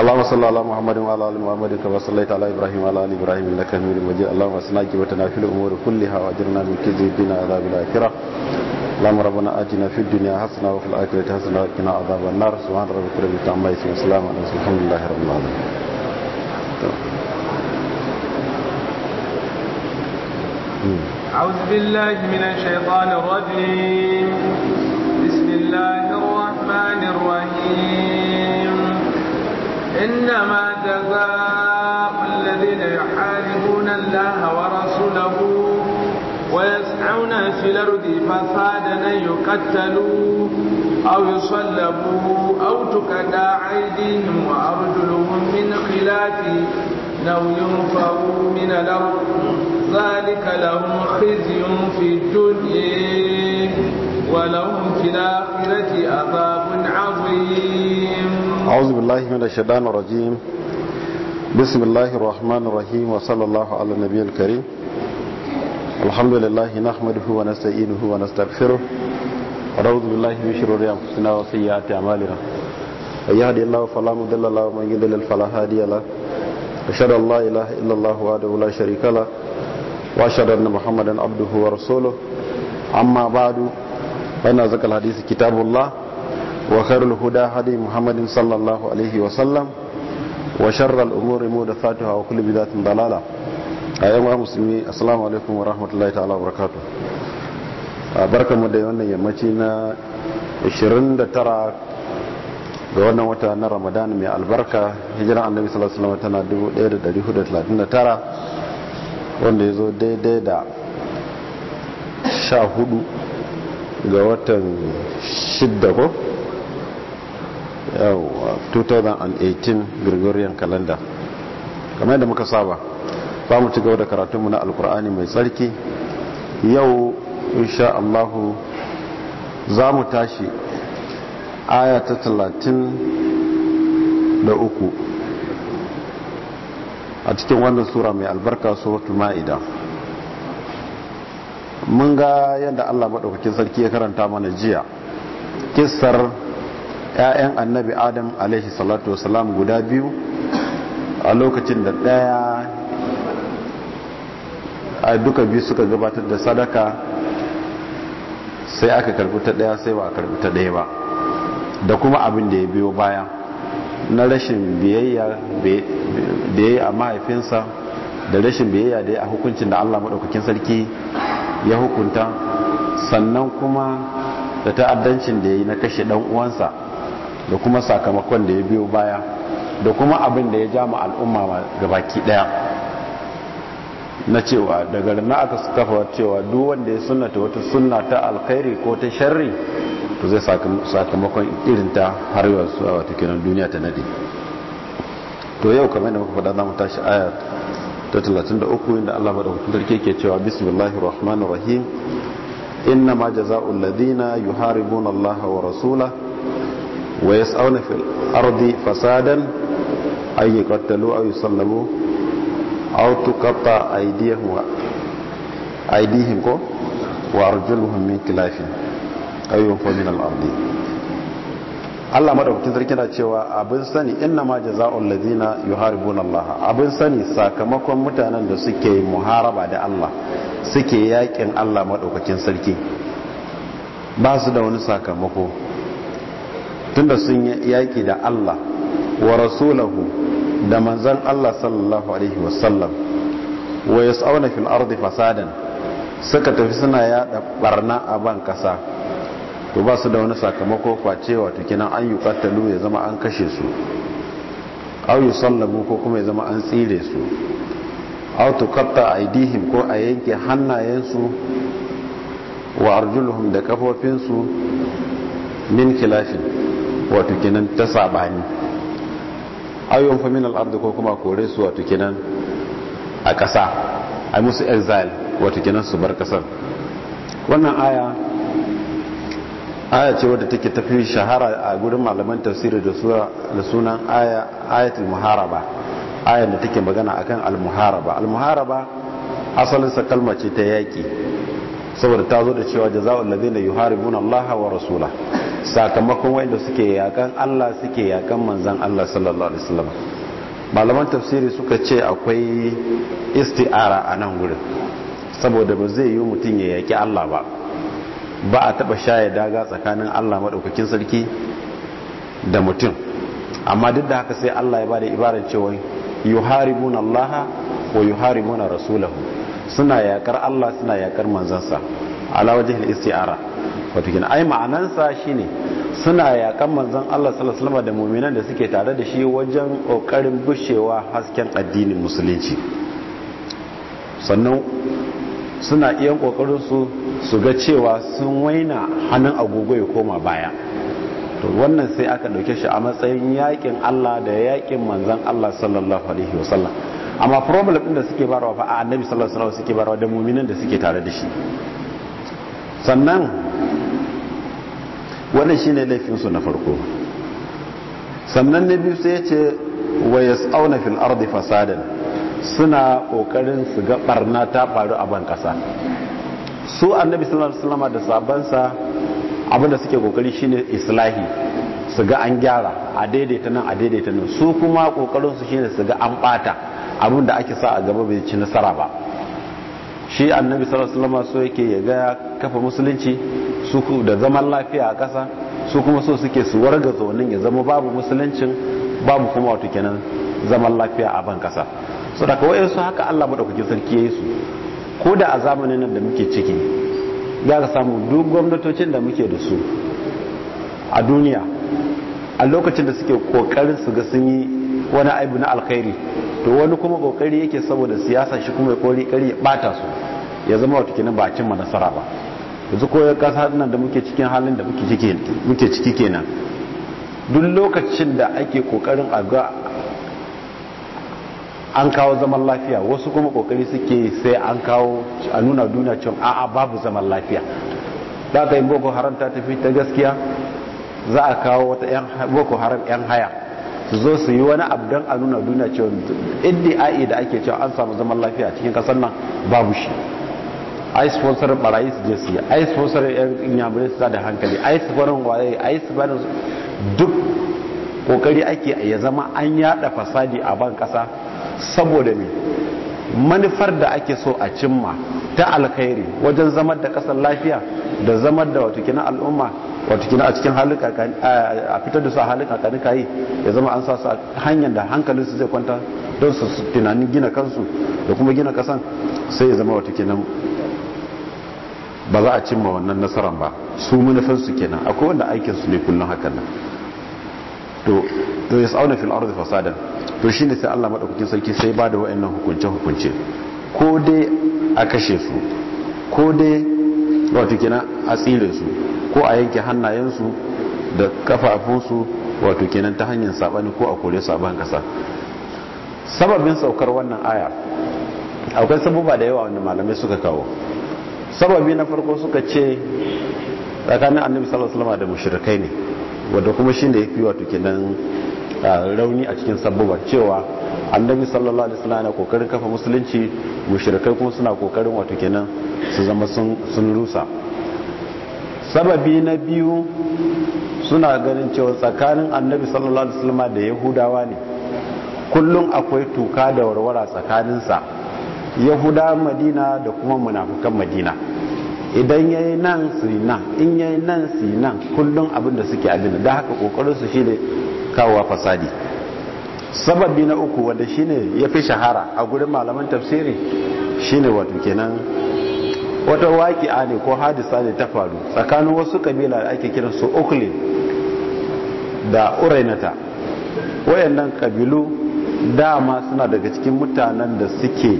اللهم صل على محمد وعلى ال محمد كما صليت على ابراهيم وعلى ال ابراهيم انك حميد مجيد اللهم اصلح عاقبتنا في الامور كلها واجرنا من خزي الدنيا عذاب الاخره اللهم ربنا اتنا في الدنيا حسنه وفي الاخره حسنه وقنا عذاب النار سبحان ربك رب العزه عما يصفون وسلام على المرسلين الحمد لله رب العالمين أعوذ بالله من الشيطان الرجيم بسم الله الرحمن الرحيم إنما جزاء الذين يحاربون الله ورسوله ويسعون في الأرض فسادا أن يقتلوا أو يصلبوا أو تكدى أيديهم وأرجلهم من خلاف أو ينفوا من الأرض ذلك لهم خزي في الدنيا ولهم في الآخرة عذاب عظيم أعوذ بالله من الشيطان الرجيم بسم الله الرحمن الرحيم وصلى الله على النبي الكريم الحمد لله نحمده ونستعينه ونستغفره ونعوذ بالله من شرور أنفسنا وسيئات أعمالنا من يهدي الله فلا مضل له ومن يضلل فلا هادي له أشهد أن لا إله إلا الله وحده لا شريك له وأشهد أن محمدا عبده ورسوله أما بعد فإن أزكى الحديث كتاب الله وخير الهدى هدي محمد صلى الله عليه وسلم وشر الأمور محدثاتها وكل بدعة ضلالة أيها المسلمين السلام عليكم ورحمة الله تعالى وبركاته barkan mu da wannan yammaci na 29 ga wannan wata na ramadan mai albarka hijiran annabi sallallahu alaihi wasallam tana tara wanda ya zo daidai da hudu ga watan shidda ko 2018 gregorian calendar kamar yadda muka saba ba mu ci gaba da karatunmu na alkur'ani mai tsarki yau insha allahu za mu tashi aya ta 33 a cikin wannan sura mai albarka suratul ma'ida mun ga yadda allah maɗaukakin sarki ya karanta mana jiya kisar. 'ya'yan annabi adam alaihi salatu wasalam guda biyu a lokacin da ɗaya a duka biyu suka gabatar da sadaka sai aka karbi ta ɗaya sai ba a karbi ta ɗaya ba da kuma abin da ya biyo baya na rashin biyayya da ya yi a mahaifinsa da rashin biyayya da ya a hukuncin da allah maɗaukakin sarki ya hukunta sannan kuma da ta'addancin da ya yi na kashe ɗan uwansa da kuma sakamakon da ya biyo baya da kuma abin da ya ja ma al'umma gabaki daya na cewa daga rana aka kafa cewa duk wanda ya sunnata wata sunna ta alkhairi ko ta sharri to zai sakamakon irin ta har yau su wata kiran duniya ta nade to yau kamar da muka faɗa za mu tashi aya ta talatin da uku, inda Allah da hukumar ke cewa bismillahir rahmanir rahim inna ma jazaa'ul ladina yuharibuna allaha wa rasulahu wa yas'auna fil ardi fasadan ay yuqtalu aw yusallabu aw tuqatta aydihim wa aydihim ko wa arjuluhum min khilafin aw yunfa min al ardi Allah madaukakin sarki na cewa abin sani inna ma jazaa'ul ladina yuharibuna Allah abin sani sakamakon mutanen da suke muharaba da Allah suke yakin Allah madaukakin sarki ba su da wani sakamako tunda sun yaki da Allah wa rasulahu da manzan Allah sallallahu alaihi wasallam wa yas'auna fil ardi fasadan suka tafi suna yada barna a ban kasa to ba su da wani sakamako kwace wato kinan an yi yuqatalu ya zama an kashe su aw yusallabu ko kuma ya zama an tsire su aw tuqatta aydihim ko a yanke hannayensu wa arjuluhum da kafofinsu min kilafin wato kenan ta sabani ayyun fa min al-ard ko kuma kore su wato kenan a ƙasa a musu exile wato kenan su bar ƙasar wannan aya aya ce wadda take tafi shahara a gurin malaman tafsiri da sunan aya ayatul muharaba aya da take magana akan al-muharaba al-muharaba asalin sa kalma ce ta yaki saboda ta zo da cewa jaza'ul ladina yuharibuna Allah wa rasula sakamakon wanda suke yakan Allah suke yakan manzan Allah sallallahu alaihi wasallam malaman tafsiri suka ce akwai isti'ara a nan wurin saboda ba zai yi mutum ya yaki Allah ba ba a taba shaye daga tsakanin Allah madaukakin sarki da mutum amma duk da haka sai Allah ya bada ibarar cewa yuharibuna Allah wa yuharibuna rasulahu suna yakar Allah suna yakar manzansa ala wajen isti'ara wato kin ai ma'anansa shine suna yakan manzon Allah sallallahu alaihi wasallam da mu'minan da suke tare da shi wajen kokarin bushewa hasken addinin musulunci sannan suna iya kokarin su su ga cewa sun waina hannun agogo ya koma baya to wannan sai aka dauke shi a matsayin yakin Allah da yakin manzon Allah sallallahu alaihi wasallam amma problem din da suke barawa fa a annabi sallallahu alaihi wasallam suke barawa da mu'minin da suke tare da shi sannan wannan shine laifin su na farko sannan na biyu sai ya ce wa yas'auna fil ardi fasadan suna kokarin su ga barna ta faru a ban kasa su annabi sallallahu alaihi wasallam da sabansa abinda suke kokari shine islahi su ga an gyara a daidaita nan a daidaita nan su kuma kokarin su shine su ga an bata abin da ake sa a gaba bai ci nasara ba shi annabi sallallahu alaihi wasallam so yake ya ga kafa musulunci su da zaman lafiya a kasa su kuma so suke su warga zaunin ya zama babu musuluncin babu kuma wato kenan zaman lafiya a ban ƙasa so da kawai su haka Allah madaukakin sarki yi su ko da a zamanin nan da muke ciki za ka samu duk gwamnatocin da muke da su a duniya a lokacin da suke kokarin su ga sun yi wani aibu na alkhairi to wani kuma kokari yake saboda siyasa shi kuma ya kori kari ya bata su ya zama wata kenan ba a cimma nasara ba yanzu ko kasa nan da muke cikin halin da muke ciki kenan duk lokacin da ake kokarin a ga an kawo zaman lafiya wasu kuma kokari suke sai an kawo a nuna duniya cewa a'a babu zaman lafiya za aka yi boko haram ta tafi ta gaskiya za a kawo wata boko haram yan haya su zo su yi wani abdan a nuna duniya cewa ai e da ake cewa an samu zaman lafiya cikin kasar nan babu shi ai sponsor barayi su je su yi ai sponsor inyamurai su da hankali ai sponsor waye ai sponsor duk kokari ake ya zama an yada fasadi a ban kasa saboda me manufar da ake so a cimma ta alkhairi wajen zamar da kasar lafiya da zamar da watakina kina al'umma watakina kina a cikin halika a fitar da su a halika kanika yi ya zama an sa su hanyar da hankalinsu zai kwanta don su tunanin gina kansu da kuma gina kasan sai ya zama wato kina ba za a cimma wannan nasarar ba su manufansu kenan akwai wanda aikinsu ne kullum hakan nan to to yas'auna fil ardi fasadan to shine sai Allah madaukakin sarki sai ba da wayannan hukunce hukunce ko dai a kashe su ko dai wato kina a tsire su ko a yanke hannayensu da su wato kenan ta hanyar sabani ko a kore su a ban kasa sababin saukar wannan aya akwai sababa da yawa wanda malamai suka kawo sababi na farko suka ce tsakanin annabi sallallahu alaihi wasallam da mushrikai ne wadda kuma shi ne ya fi wato kenan rauni a cikin sabbaba cewa annabi sallallahu alaihi wasallam yana kokarin kafa musulunci mushrikai kuma suna kokarin wato kenan su zama sun rusa sababi na biyu suna ganin cewa tsakanin annabi sallallahu alaihi wasallam da yahudawa ne kullum akwai tuka da warwara tsakaninsa yahuda madina da kuma munafukan madina idan ya yi nan su yi nan in ya yi nan su yi nan kullum abinda suke abin da haka su shi ne kawowa fasadi sababi na uku wanda shi ne ya fi shahara a gudun malaman tafsiri shi ne wato kenan wata waƙi'a ne ko hadisa ne ta faru tsakanin wasu kabila da ake kiran su oklin da urainata wayannan kabilu dama suna daga cikin mutanen da suke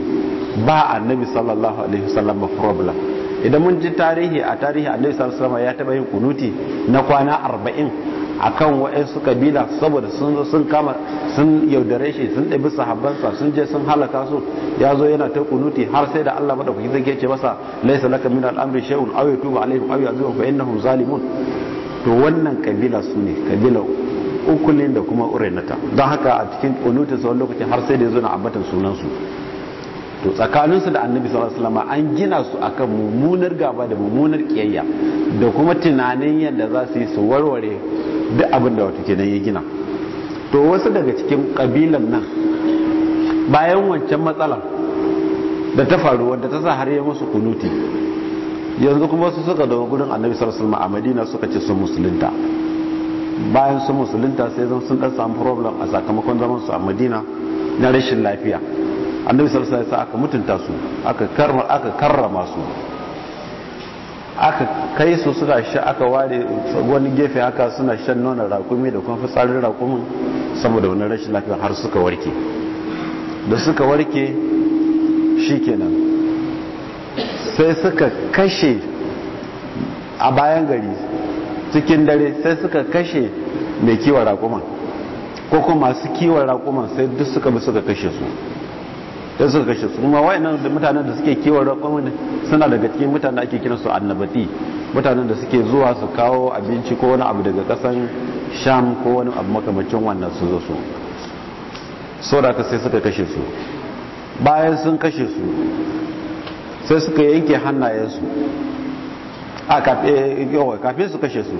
ba annabi sallallahu alaihi wasallam problem idan mun ji tarihi a tarihi annabi sallallahu alaihi ya taba yin kunuti na kwana 40 akan waɗansu kabila saboda sun zo sun kama sun yaudare shi sun ɗabi sahabbansa sun je sun halaka su ya zo yana ta kunuti har sai da Allah madaukaki zai ce masa laisa laka min al shay'un aw yatubu alaihim aw yu'adhibuhum fa innahum zalimun to wannan kabila su ne kabila ukulin da kuma urenata don haka a cikin kunutin sa wani lokaci har sai da ya zo na ambatan sunansu. to tsakaninsu da annabi sallallahu alaihi an gina su akan mummunar gaba da mummunar kiyayya da kuma tunanin yadda za su yi su warware duk abin da wato kenan ya gina to wasu daga cikin kabilan nan bayan wancan matsalar da ta faru wanda ta sa har ya musu kunuti yanzu kuma su suka dawo gudun annabi sallallahu alaihi a madina suka ce sun musulunta bayan sun musulunta sai zan sun dan samu problem a sakamakon zaman su a madina na rashin lafiya annabi sallallahu alaihi wasallam aka mutunta su aka karma aka karrama su aka kai su suka sha aka ware wani gefe haka suna shan nonon rakumi da kuma fitsarin rakumin saboda wani rashin lafiya har suka warke da suka warke shikenan sai suka kashe a bayan gari cikin dare sai suka kashe mai kiwon rakuman ko kuma masu kiwon rakuman sai duk suka bi suka kashe su da suka kashe su kuma wayannan da mutanen da suke kiwon ne suna daga cikin mutanen ake kiran su annabati mutanen da suke zuwa su kawo abinci ko wani abu daga kasan sham ko wani abu makamacin wannan su zo su saboda ka sai suka kashe su bayan sun kashe su sai suka yanke hannayensu a kafin su kashe su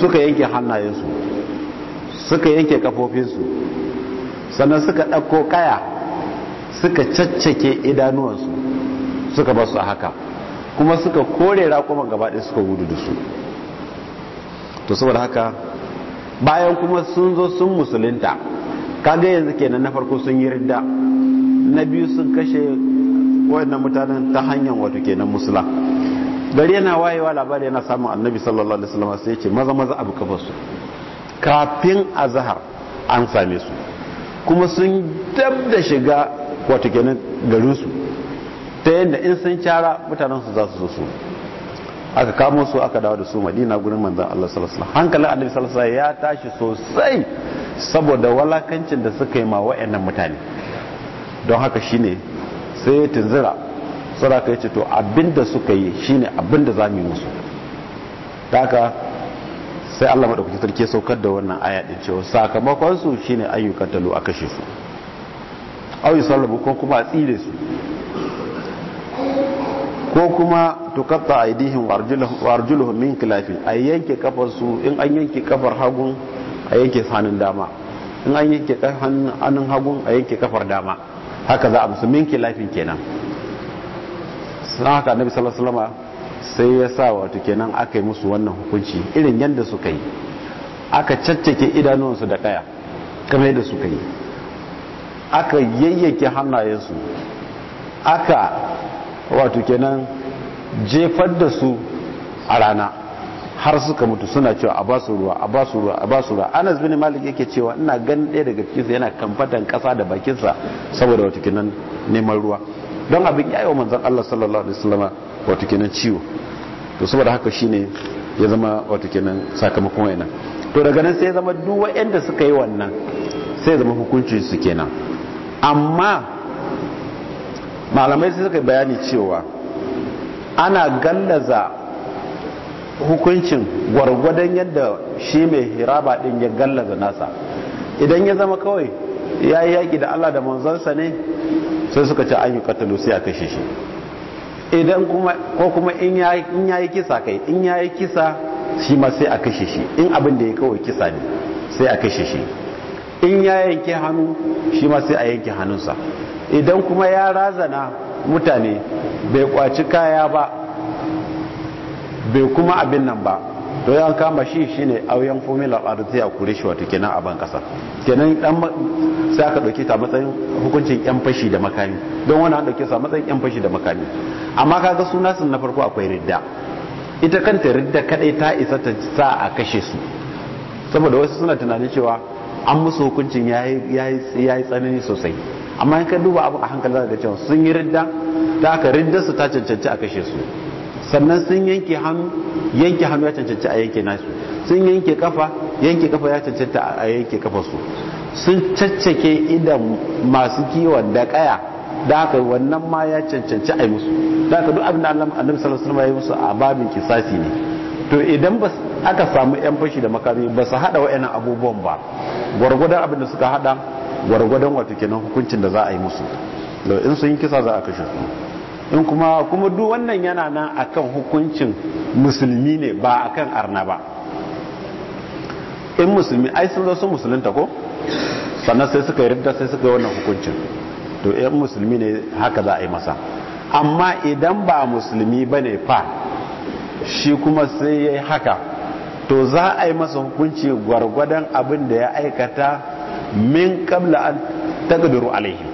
suka yanke hannayensu suka yanke kafofinsu sannan suka ɗauko kaya suka caccake idanuwansu suka basu a haka kuma suka kore gaba gabaɗe suka gudu da su to saboda haka bayan kuma sun zo sun musulinta kaga yanzu kenan na farko sun yi ridda na biyu sun kashe wayannan mutanen ta hanyar wato kenan musula gari yana wayewa labari yana samun annabi sallallahu alaihi wasallam sai ce maza maza abu kafa su kafin azhar an same su kuma sun dab da shiga wata kenan garinsu ta yadda in sun cara mutanensu za su zo su aka kamo su aka dawo da su madina gurin manzan Allah sallallahu alaihi hankalin annabi sallallahu alaihi ya tashi sosai saboda walakancin da suka yi ma wayannan mutane don haka shine sai ya tunzira saraka yace to abinda suka yi shine abinda zamu yi musu haka sai Allah madaukakin sarki saukar da wannan aya din cewa sakamakonsu su shine ayyukan talo a kashe su au sallabu ko kuma a tsire su ko kuma tukatta a idihin arjuluhum min kilafi a yanke kafar su in an yanke kafar hagun a yanke hannun dama in an yanke hannun hagun a yanke kafar dama haka za a musu min kilafin kenan sun haka nabi sallallahu sai ya sa wato kenan aka yi musu wannan hukunci irin yadda suka yi aka cacceke idanuwansu da kaya kamar yadda suka yi aka yayyake hannayensu aka wato kenan jefar da su a rana har suka mutu suna cewa a basu ruwa a basu ruwa a basu ruwa anas bin malik yake cewa ina ganin ɗaya daga cikinsa yana kamfatan ƙasa da bakinsa saboda wato kenan neman ruwa don abin yayi wa manzon Allah sallallahu alaihi Wasallama wato kenan ciwo to saboda haka shine ya zama wato kenan sakamakon wannan to daga nan sai ya zama duk wayanda suka yi wannan sai ya zama hukuncin su kenan amma malamai suka bayani cewa ana gallaza hukuncin gwargwadon yadda shi mai hiraba din ya gallaza nasa idan ya zama kawai ya yi yaƙi da allah da manzansa ne sai suka ce an yi katalu sai a kashe shi idan kuma ko kuma in ya yi kisa kai in ya yi kisa shi ma sai a kashe shi in abin da ya kawai kisa ne sai a kashe shi in ya yanke hannu shi ma sai a yanke hannunsa idan kuma ya razana mutane bai kwaci kaya ba bai kuma abin nan ba to an kama shi ne auyen formula ɓarin sai a kure shi wato kenan a ban ƙasa kenan dan sai aka ɗauke ta matsayin hukuncin yan fashi da makami don wani an ɗauke sa matsayin yan fashi da makami amma kaga suna sun na farko akwai ridda ita kanta ridda kadai ta isa ta sa a kashe su saboda wasu suna tunanin cewa an musu hukuncin ya yi tsanani sosai amma in ka duba abu a hankali za ka cewa sun yi ridda ta aka ridda su ta cancanci a kashe su sannan sun yanke hannu yanke hannu ya cancanci a yanke nasu sun yanke kafa yanke kafa ya cancanta a yanke kafa su sun caccake idan masu kiwon da kaya da aka wannan ma ya cancanci a yi musu da aka duk abin da annabi sallallahu alaihi wasallam ya yi musu a babin kisasi ne to idan ba aka samu yan fashi da makami ba su hada wa'annan abubuwan ba gwargwadon abin da suka hada gwargwadon wato kenan hukuncin da za a yi musu da in sun yi kisa za a kashe su in kuma kuma duk wannan yana nan kan hukuncin musulmi ne ba a kan arna ba in musulmi ai sun zo sun musulunta ko sannan sai suka yi yarda sai suka yi wannan hukuncin to yan musulmi ne haka za a yi masa amma idan ba musulmi ba ne fa shi kuma sai ya yi haka to za a yi masa hukunci gwargwadon abin da ya aikata min kabla an tagdiru alaihi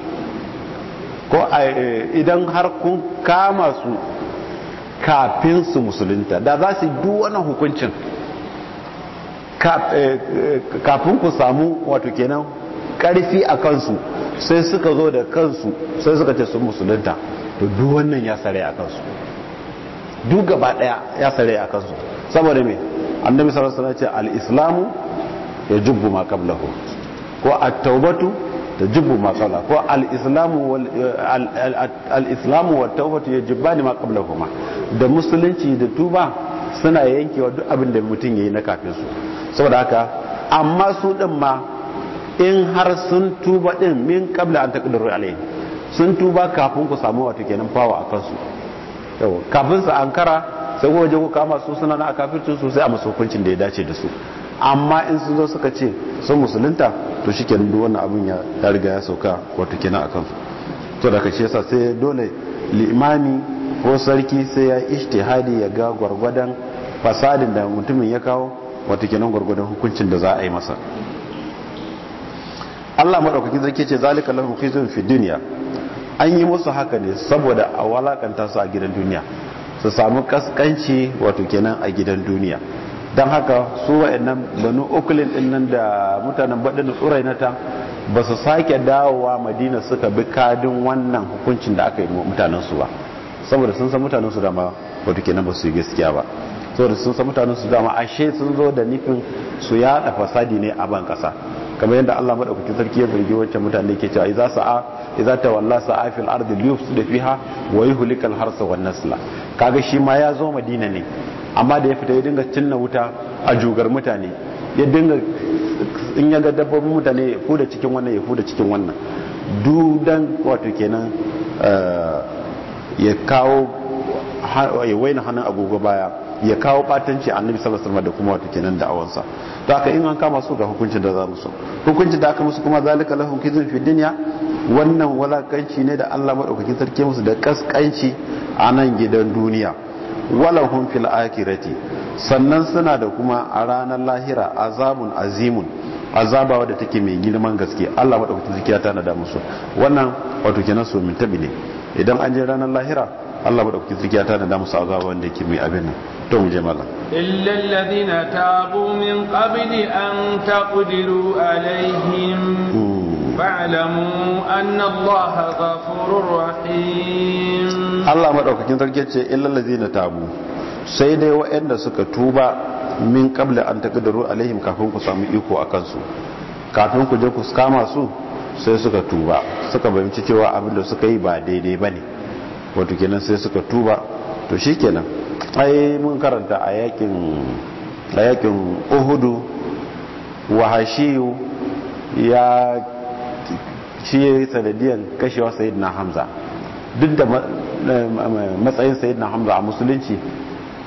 ko eh, idan har kun kama su kafin su musulunta da za su yi wani hukuncin eh, eh, kafin ku samu wato kenan karfi a kansu sai suka zo da kansu sai suka ce sun musulunta to duk wannan ya sare a kansu duk gaba daya ya sare a kansu saboda me annabi sallallahu alaihi wasallam ya ce al-islamu yajubbu ma qablahu ko at-taubatu tajubbu ma qablahu ko al-islamu wal al-islamu wat taubatu yajibani ma qablahuma da musulunci da tuba suna yankewa duk abin da mutum yayi na kafin su saboda haka amma su din ma in har sun tuba din min qabla an taqdiru alayhi sun tuba kafin ku samu wato kenan fawa a kansu kafin su ankara sai kuma je ku kama su suna na kafircin su sai a masu hukuncin da ya dace da su amma in sun zo suka ce sun musulunta to shi kenan duk wannan abin ya riga ya sauka wato kenan akan su to da kashe yasa sai dole limami ko sarki sai ya ijtihadi ya ga gwargwadon fasadin da mutumin ya kawo wato kenan gwargwadon hukuncin da za a yi masa Allah madaukakin zai ce zalika lahum fi dunya an yi musu haka ne saboda a walakanta su a gidan duniya su samu kaskanci wato kenan a gidan duniya don haka su wa'annan banu okulin din nan da mutanen baɗin tsurainata ba su sake dawowa madina suka bi kadin wannan hukuncin da aka yi mutanen su ba saboda sun san mutanen dama wato kenan ba su yi gaskiya ba saboda sun san mutanen dama ashe sun zo da nufin su yaɗa fasadi ne a ban ƙasa kamar yadda Allah madaukakin sarki ya zargi wancan mutane ke cewa idza sa'a idza tawalla sa'a fil ardi liyufsida fiha wa yuhlikal harsa wan nasla kaga shi ma ya zo Madina ne amma da ya fita ya dinga cinna wuta a jugar mutane ya dinga in ya ga dabbobin mutane ya fuda cikin wannan ya fuda cikin wannan dudan wato kenan eh, ya kawo ya waina hannun agogo baya ya kawo batanci annabi sallallahu alaihi wasallam da kuma wato kenan da awansa to haka in an kama su ga hukuncin da za mu so hukuncin da aka musu kuma zalika lahum kizun fi dunya wannan walakanci ne da Allah madaukakin sarki musu da kaskanci a nan gidan duniya walahum fil akhirati sannan suna da kuma a ranar lahira azabun azimun azabawa da take mai girman gaske Allah madaukakin sarki ya tana da musu wannan wato kenan su mintabi ne idan an je ranar lahira Allah madaukakin sarki ya ta da sa azaba wanda yake mai abin nan to mu je mallam illal ladina tabu min qabli an taqdiru alaihim hmm. fa'lamu anna Allah ghafurur rahim Allah ma daukakin sarki ce illal ladina tabu sai dai waɗanda suka tuba min qabli an taqdiru alaihim kafin ku samu iko akan su kafin ku je ku kama su sai suka tuba suka bayyana cewa abin da suka yi ba daidai bane wato kenan sai suka tuba to shi kenan ai mun karanta a yakin a yakin uhudu wahashiyu ya shi ya yi sanadiyan kashewa sayidina hamza duk da matsayin sayidina hamza a musulunci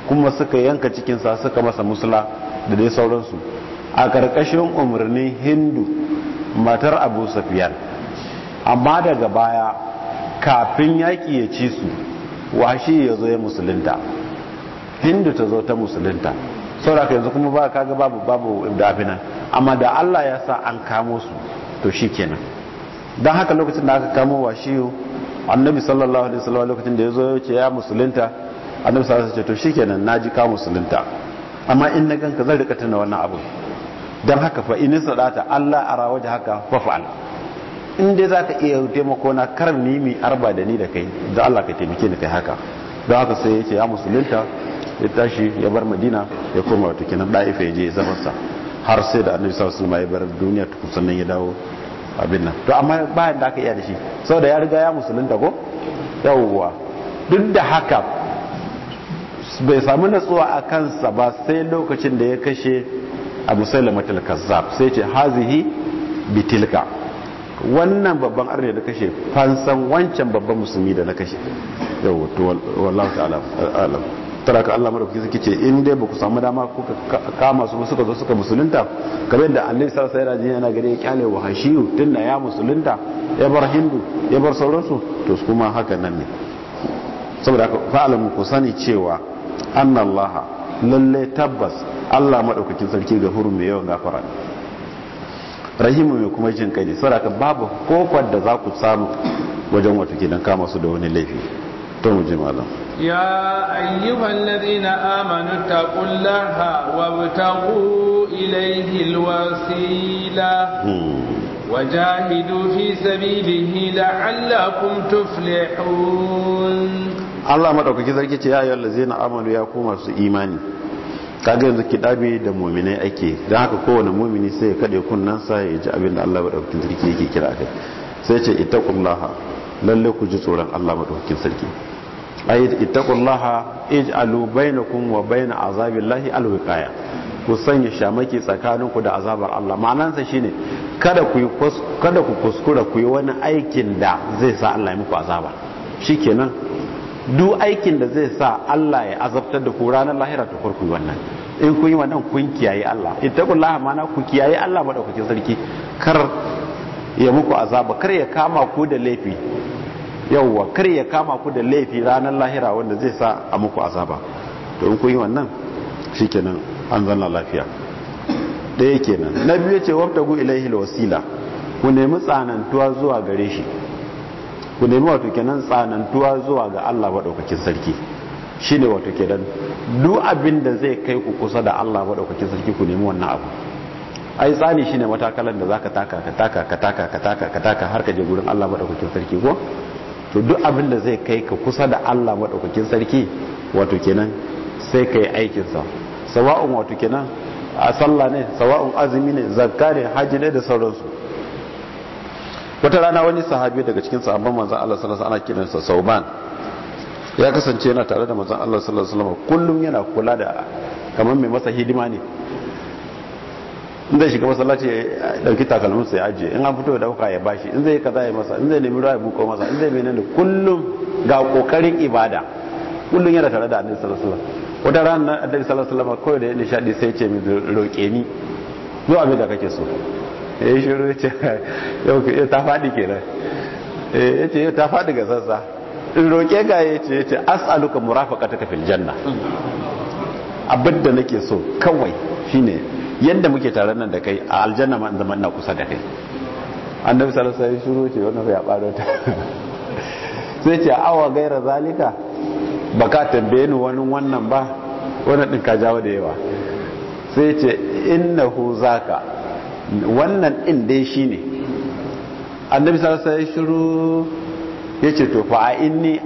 kuma suka yanka cikinsa suka masa musula da dai sauransu a ƙarƙashin umarnin hindu matar abu safiyan amma daga baya kafin yaƙi ya ci su shi ya zo ya musulunta hindu ta zo ta musulunta sauraka yanzu kuma ba kaga babu babu abina amma da Allah ya sa an kamo su to shi kenan don haka lokacin da aka kamo washiyo annabi sallallahu alaihi wasallam lokacin da ya zo ya ce ya musulunta annabi sallallahu alaihi shi kenan na ji ka musulunta amma in na ganka zan rika tuna wannan abu don haka fa in sadata Allah ara waje haka fa fa'al in dai ka iya taimako na karar ni arba da ni da kai da Allah ka taimake ni kai haka don haka sai ya ce ya musulunta ya tashi ya bar madina ya koma wata kinan ɗa'ifa ya je ya zama sa har sai da annabi sallallahu alaihi wasallam ya bar duniya tukun sannan ya dawo abin nan to amma bayan da aka iya da shi saboda ya riga ya musulunta ko yawwa duk da haka bai sami natsuwa a kansa ba sai lokacin da ya kashe abu sai lamatul kazzab sai ce hazihi bitilka wannan babban arne da kashe fansan wancan babban musulmi da na kashe yau to wallahu ta'ala alam taraka Allah madaukaki suke ce in dai baku samu dama kuka kama su suka zo suka musulunta kamar da Annabi sa alaihi wasallam yana gare ya kyale wa hashiyu tunda ya musulunta ya bar hindu ya bar sauransu to kuma haka nan ne saboda haka fa'alamu ku sani cewa annallaha lalle tabbas Allah madaukakin sarki gafurun mai yawan gafara rahimu mai kuma jin kai ne sau da babu kofar da za ku samu wajen wata gidan kama su da wani laifi to mu malam ya ayyuhan lari na amanu ta kullaha wa ta ku ilaihil wasila hmm. wa jahidu fi sabilihi la'allakum tuflihun Allah madaukaki zarki ce ya yi allazi na amanu ya kuma su imani kaga yanzu kidabe da muminai ake dan haka kowane mumini sai ya kaɗe kunnansa ya ji abin da Allah maɗaukakin sarki yake kira kai sai ce ittaqullaha lalle ku ji tsoron Allah maɗaukakin sarki ayi ittaqullaha ij'alu bainakum wa bain azabillahi alwiqaya ku sanya shamaki tsakaninku da azabar Allah ma'anansa shine kada ku kada ku kuskura ku yi wani aikin da zai sa Allah ya muku azaba shikenan duk aikin da zai sa Allah ya azabtar da ku ranar lahira ta farko wannan in kun yi wannan kun kiyaye Allah in ma na ku kiyaye Allah madaukakin sarki kar ya muku azaba kar ya kama ku da laifi yawwa kar ya kama ku da laifi ranar lahira wanda zai sa a muku azaba to in kun yi wannan shikenan an zanna lafiya ɗaya kenan na biyu ce wabtagu ilaihi wasila ku nemi tsanantuwa zuwa gare shi ku nemi wato kenan tsanantuwa zuwa ga Allah maɗaukakin sarki shi ne wato kenan duk abin da zai kai ku kusa da Allah maɗaukakin sarki ku nemi wannan abu ai tsani shi ne matakalan da za ka taka ka taka ka taka ka taka ka taka har ka je gurin Allah maɗaukakin sarki ko to duk abin da zai kai ka kusa da Allah maɗaukakin sarki wato kenan sai kai aikin sa sawa'un wato kenan a sallah ne sawa'un azumi ne zakka ne haji ne da sauransu wata rana wani sahabi daga cikin sahabban manzan Allah sallallahu alaihi wasallam ana kiransa Sauban ya kasance yana tare da manzan Allah sallallahu alaihi wasallam kullum yana kula da kamar mai masa hidima ne in zai shiga masallaci ya dauki takalmin sa ya ajiye in an fito da dauka ya bashi in zai kaza ya masa in zai nemi ruwa ya buko masa in zai menene kullum ga kokarin ibada kullum yana tare da annabi sallallahu alaihi wasallam wata rana annabi sallallahu alaihi wasallam kawai da ya nishadi sai ya ce mi roƙe ni zo abin da kake so ya yi shiru ya ce yau ta faɗi kenan eh, ya ce yau ta faɗi ga sassa in roƙe ga ya ce ya ce as'aluka murafaka ta kafin janna abin da nake so kawai shine yadda muke tare nan da kai a aljanna ma zama na kusa da kai an da misalin sai shiru ce wannan ya ɓaro ta sai ce awa gaira zalika ka tambaye ni wani wannan ba wani din ka jawo da yawa sai ce innahu zaka wannan din dai shi ne. annabi sallallahu ya wasallam shiru yace to fa inni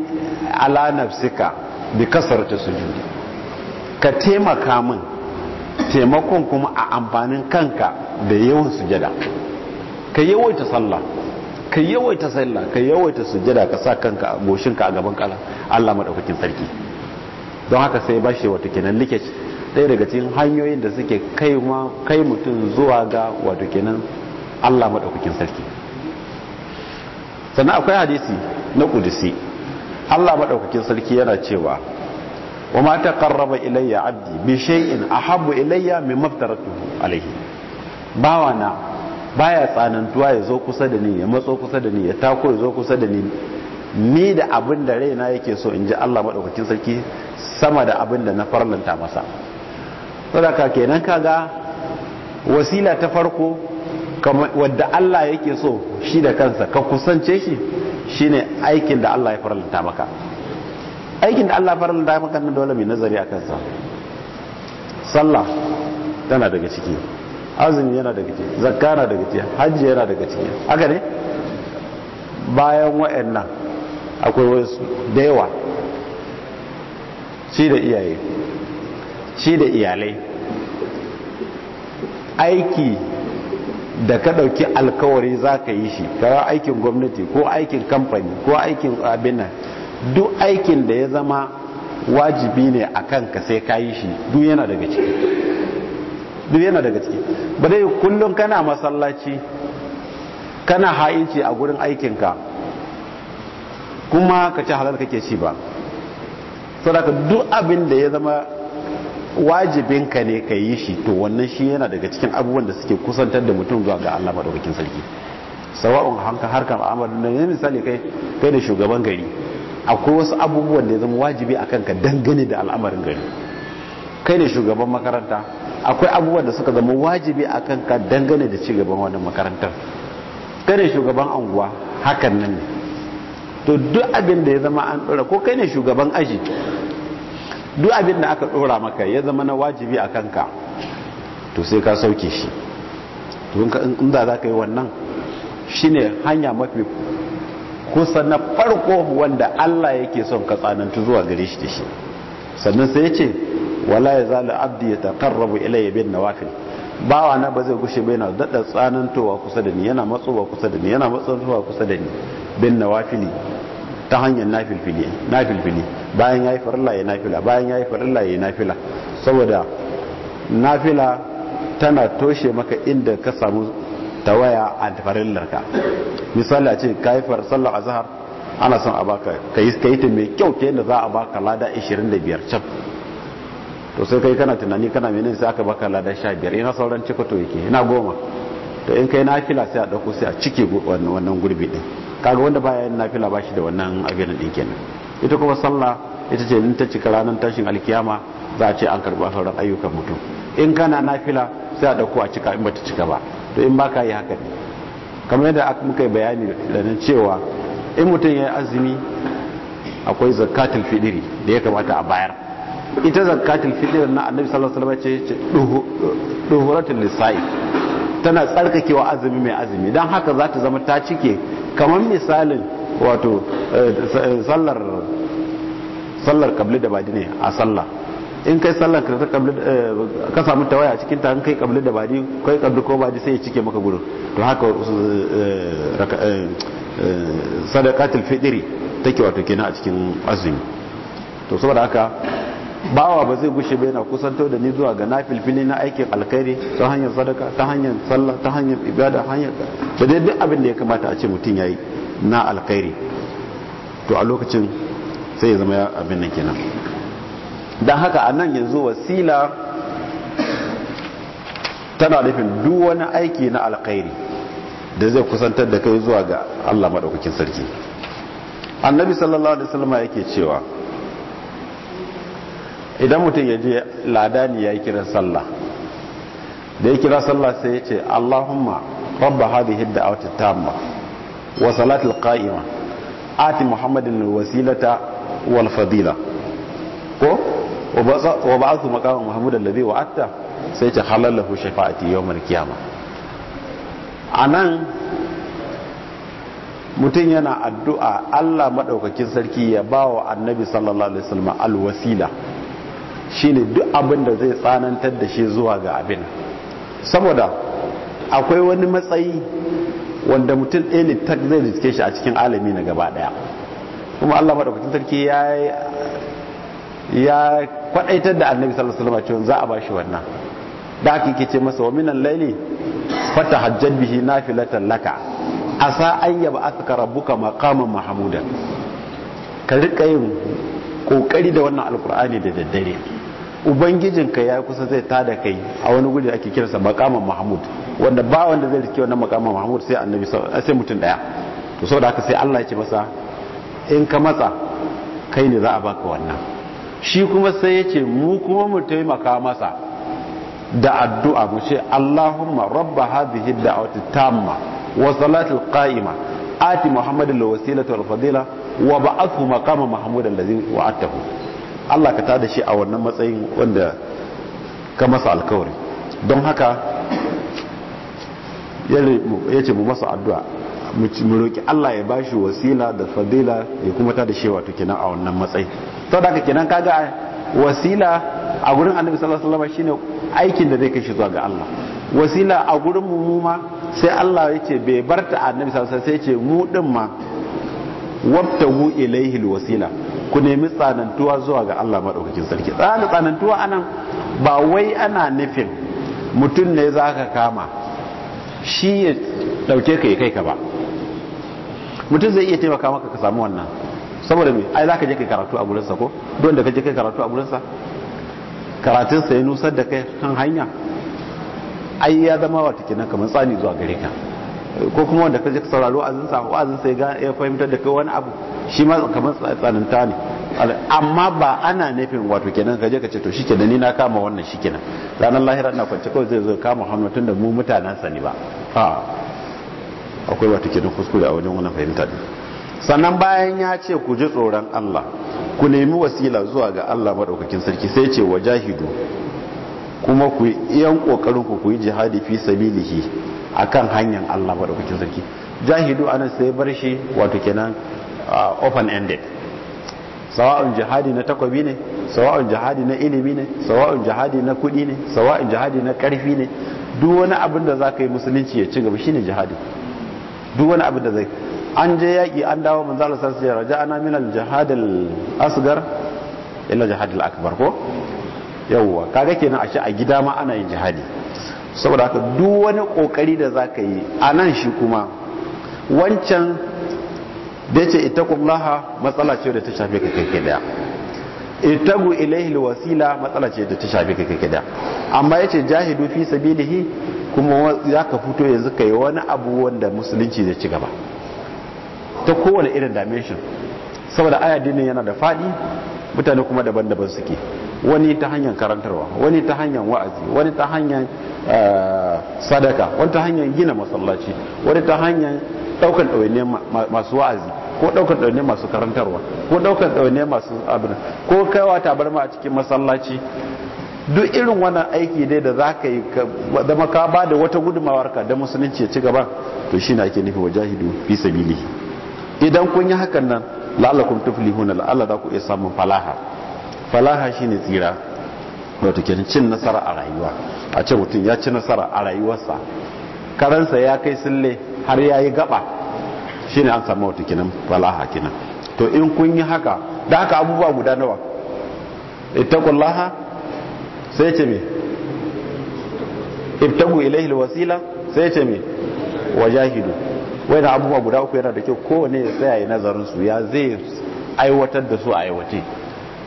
ala nafsika bi su sujudi ka taimaka min taimakon kuma a amfanin kanka da yawan sujada ka yawaita sallah ka yawaita sallah ka yawaita sujada ka sa kanka goshinka a gaban kala Allah madaukakin sarki don haka sai bashi wata kenan likeci ɗaya daga cikin hanyoyin da suke kai mutum zuwa ga wato kenan Allah maɗaukakin sarki sannan akwai hadisi na ƙudisi Allah maɗaukakin sarki yana cewa wa ma taqarraba ilayya abdi bi shay'in ahabbu ilayya mimma aftaratuhu alayhi bawana baya tsanantuwa ya zo kusa da ni ya matso kusa da ni ya tako ya zo kusa da ni ni da abin da raina yake so in ji Allah maɗaukakin sarki sama da abin da na farlanta masa Sadaka kenan kaga wasila ta farko wadda Allah yake so shi da kansa ka kusance shi shine aikin da Allah ya faranta maka aikin da Allah ya faranta maka na dole mai nazari a kansa sallah tana daga ciki azumi yana daga ciki zakka na daga ciki hajji yana daga ciki haka ne bayan wa'annan akwai wasu da yawa shi da iyaye shi da iyalai aiki da ka ɗauki alkawari za ka yi shi kawai aikin gwamnati ko aikin kamfani ko aikin abinan duk aikin da ya zama wajibi ne a kanka sai ka yi shi duk yana daga ciki duk yana daga ciki ba dai kullum kana masallaci kana ha'inci a gurin aikinka kuma ka ci halar kake ci ba saboda duk abin da ya zama Wajibin ka ne ka yi shi to wannan shi yana daga cikin abubuwan da suke kusantar da mutum zuwa ga Allah madaukakin sarki sawa'un hanka harkar al'amarin nan yanzu misali kai kai da shugaban gari akwai wasu abubuwan da ya zama wajibi akan ka dangane da al'amarin gari kai ne shugaban makaranta akwai abubuwan da suka zama wajibi akan ka dangane da cigaban wannan makarantar kai ne shugaban anguwa hakan nan ne to duk abin da ya zama an dora ko kai ne shugaban aji duk abin da aka dora maka ya zama na wajibi a kanka to sai ka sauke shi in da za ka yi wannan shine hanya mafi kusa na farko wanda Allah yake son ka tsanantu zuwa gare shi da shi sannan sai ya ce wala ya zala abdi ya taqarrabu ilayya bin nawafil bawa na ba zai gushe bai na daɗa tsanantowa kusa da ni yana matsowa kusa da ni yana matsowa kusa da ni bin nawafili ta hanyar nafilfili nafilfili bayan yi farilla ya nafila bayan ya yi farilla ya nafila saboda nafila tana toshe maka inda ka samu tawaya a farillarka misali a ce ka yi kayi a zahar ana son a baka ka yi ta mai kyau ke yadda za a baka lada 25 cap to sai kai kana tunani kana nan sai aka baka lada 15 ina sauran cikoto yake ina goma to in kai nafila sai a dauko sai a cike wannan gurbi din kaga wanda baya yin nafila ba da wannan abin din kenan ita kuma sallah ita ce in ta cika ranar tashin alkiyama za a ce an karba sauran ayyukan mutum in kana nafila sai a dauko a cika in bata cika ba to in baka yi haka ne kamar yadda muka bayani da nan cewa in mutum ya yi azumi akwai zakatul fidiri da ya kamata a bayar ita zakatul fidiri na annabi sallallahu alaihi wasallam ce duhuratul lisai tana tsarkakewa azumi mai azumi don haka za ta zama ta cike kamar misalin wato eh, eh, sallar sallar kabli da badi ne a sallah in kai sallar ka eh, samu tawaya cikin ta kai kabli da badi kai kabli ko badi sai ya cike maka gudu to haka sadaqatul fitri take wato kenan a cikin azumi to saboda haka bawa ba zai gushe bai na kusanto da ni zuwa ga na filfili na aikin alkhairi ta hanyar sadaka ta hanyar sallah ta hanyar ibada hanyar da dai duk abin da ya kamata a ce mutum ya yi na alkhairi to a lokacin sai ya zama abin nan kenan don haka a nan yanzu wasila tana nufin duk wani aiki na alkhairi da zai kusantar da kai zuwa ga Allah maɗaukakin sarki annabi sallallahu alaihi wasallam yake cewa idan mutum ya je ladani ya yi kiran sallah da ya kira sallah sai ya ce allahumma rabba a wata tamma wa salatul qa'ima ati muhammadin wasilata wal fadila ko wa ba su makamun muhammadin wa wa'atta sai ce halalahu shafa'ati kiyama A nan mutum yana addu'a Allah maɗaukakin sarki ya ba wa annabi sallallahu alaihi wasallam alwasila shine duk abin da zai tsanantar da shi zuwa ga abin saboda akwai wani matsayi wanda mutum ɗaya ne ta zai riske shi a cikin alami na gaba ɗaya kuma Allah madaukakin sarki ya ya kwadaitar da annabi sallallahu alaihi wasallam za a shi wannan da aka yake ce masa wa minan laili fata hajjat bihi nafilatan laka asa an yaba aka rabbuka maqaman Mahmuda. ka rika yin kokari da wannan alkur'ani da daddare ubangijinka ya kusa zai tada kai a wani guri ake kiransa makaman mahmud wanda ba wanda zai rike wannan makaman mahmud sai annabi sai mutum daya to saboda haka sai Allah ya ce masa in ka matsa kai ne za a baka wannan shi kuma sai ya ce mu kuma mu taimaka masa da addu'a mu ce Allahumma rabba hadhihi da'wati tamma wa salatul qa'ima ati muhammadin lawasilatu wal fadila wa ba'athu maqama mahmudan allazi wa'atahu Allah ka tada shi a wannan matsayin wanda ka masa alkawari don haka ya ce mu masa addu'a mu roƙi Allah ya ba shi wasila da fadila ya kuma tada shi wato kenan a wannan matsayi sau da kenan kaga wasila a gurin annabi sallallahu alaihi shine aikin da zai kai shi zuwa ga Allah wasila a gurin mu ma sai Allah ya ce bai barta annabi sallallahu alaihi sai ya ce mu din ma wabtahu ilaihi alwasila ku nemi tsanantuwa zuwa ga Allah madaukakin sarki tsana tsanantuwa anan ba wai ana nufin mutum ne zaka kama shi ya dauke ka kai ka ba mutum zai iya taimaka maka ka samu wannan saboda me ai zaka je kai karatu a gurinsa ko don da ka je kai karatu a gurinsa sa ya nusar da kai kan hanya ai ya zama wata kenan kamar tsani zuwa gare ka ko kuma wanda ka je ka sauraro azin sa wa'azin sai ga ya fahimtar da kai wani abu shi ma kamar tsananta ne amma ba ana nufin wato kenan ka je ka ce to shikenan ni na kama wannan shikenan ranar lahira ina kwance kawai zai zo kama hannu tunda mu mutanen sa ne ba a akwai wato kenan kuskure a wajen wannan fahimta din sannan bayan ya ce ku ji tsoron Allah ku nemi wasila zuwa ga Allah madaukakin sarki sai ce wajahidu kuma ku yi iyan kokarin ku ku yi jihadi fi sabilihi akan hanyar Allah madaukakin sarki jahidu anan sai bar shi wato kenan open ended sawa'un jihadi na takwabi ne sawa'un jihadi na ilimi ne sawa'un jihadi na kudi ne sawa'un jihadi na karfi ne duk wani abin da zaka yi musulunci ya ci gaba shine jihadi duk wani abin da zai an je yaki an dawo manzo Allah sallallahu alaihi wasallam raja'ana min al-jihad al-asghar ila jihad al-akbar ko yawwa kaga kenan ashe a gida ma ana yin jihadi saboda haka duk wani kokari da za ka yi a nan shi kuma wancan da ita ce itaqullaha matsala ce da ta shafi ka kai daya gu ilaihi wasila matsala ce da ta shafi ka kai daya amma yace jahidu fi sabilihi kuma za ka fito yanzu kai wani abu wanda musulunci zai ci gaba ta kowane irin dimension saboda aya yana da fadi mutane kuma daban-daban suke wani ta hanyar karantarwa wani ta hanyar wa'azi wani ta hanyar eh, sadaka wani ta hanyar gina masallaci wani ta hanyar daukan ɗawainiyar masu wa'azi ko daukan ɗawainiyar masu karantarwa ko daukan ɗawainiyar masu abin ko kaiwa tabarma a cikin masallaci duk irin wannan aiki dai da za ka yi zama ka ba da wata gudumawar ka da musulunci ya ci gaba to shi na ake nufi wa jahidu fi sabili idan kun yi hakan nan la'allakum tuflihuna la'alla za ku iya samun falaha falaha shine tsira wato kenan cin nasara a rayuwa a ce mutum ya ci nasara a rayuwarsa karansa ya kai sille har ya yi gaba shine an samu wato kenan falaha kenan to in kun yi haka da haka abubuwa guda nawa ittaqullaha sai ce me ibtagu ilayhi alwasila sai ce me wajahidu wai da abubuwa guda uku yana da kyau kowane ya tsaya ya nazarin su ya zai aiwatar da su a aiwace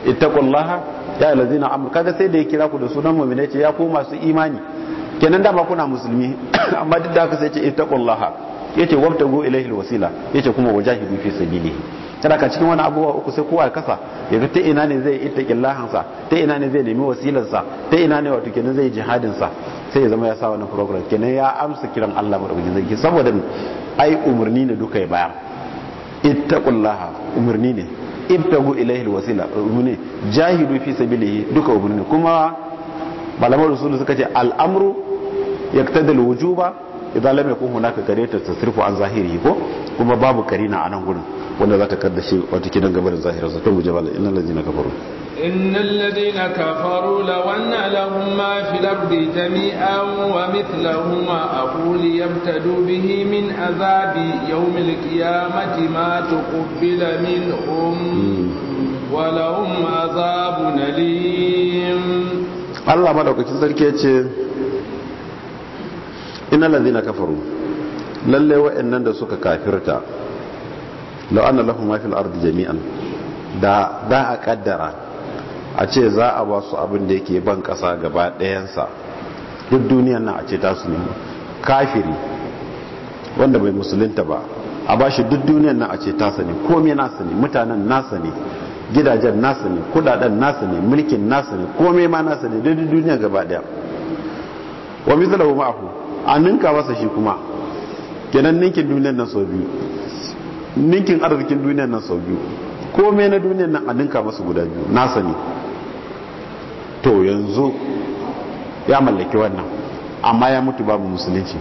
ittaqullaha ya allazina amanu kaga sai da ya kira ku da sunan mu'mina ce ya ku masu imani kenan dama kuna musulmi amma duk da haka sai ce ittaqullaha yace wabtagu ilayhi alwasila yace kuma wajahidu fi sabilihi kada ka cikin wani abubuwa uku sai kowa ya kasa ya ga ta ina ne zai ittaqillahan sa ta ina ne zai nemi wasilan sa ta ina ne wato kenan zai jihadin sa sai ya zama ya sa wannan program kenan ya amsa kiran Allah madaukakin sarki saboda ai umurni ne duka ya bayar ittaqullaha umurni ne ibtagu ilayhi alwasila ne jahidu fi sabilihi duka ubun kuma malamar rusulu suka ce al'amru yaqtadi alwujuba idan lam yakun hunaka kareta tasrifu an zahiri ko kuma babu karina a nan gurin wanda zata ta kaddashe wata kidan gabarin zahirin sa to mujabala innal ladina kafaru إن الذين كفروا لو أن لهم ما في الأرض جميعا ومثله معه ليبتدوا به من عذاب يوم القيامة ما تقبل منهم ولهم عذاب أليم Allah madaukakin sarki ya ce innal ladina kafaru lalle wa'annan da suka kafirta law anna lahum ma jami'an da da a kaddara a ce za a ba su abin da yake ban kasa gaba ɗayansa duk duniyan nan a ce ta su nemo kafiri wanda bai musulunta ba a ba shi duk duniyan nan a ce ta sani komai nasa ne mutanen nasa ne gidajen nasa ne kudaden nasa ne mulkin nasa ne komai ma nasa ne duk duniya gaba daya wa mithlahu ma'ahu an ninka masa shi kuma kenan ninkin duniyar nan sau biyu ninkin arzikin duniyar nan sau biyu komai na duniyar nan a ninka masa guda biyu nasa ne to yanzu ya mallaki wannan amma ya mutu babu musulunci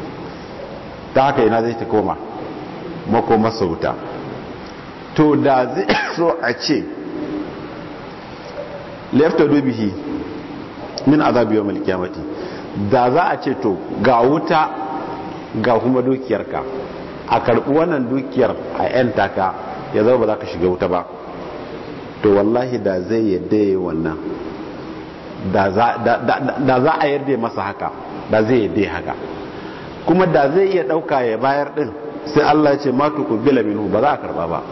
ta haka ina zai ta koma makoma sauta to da zai so a ce lafta dubihi min azabi mulki alqiyamati da za a ce to ga wuta ga kuma dukiyarka a karbi wannan dukiyar a yan taka ya zama ba za ka shiga wuta ba to wallahi da zai yadda wannan da za a yarda masa haka da zai yarda haka kuma da zai iya ɗauka ya bayar ɗin sai Allah ce matu ku bila minu ba za a karba ba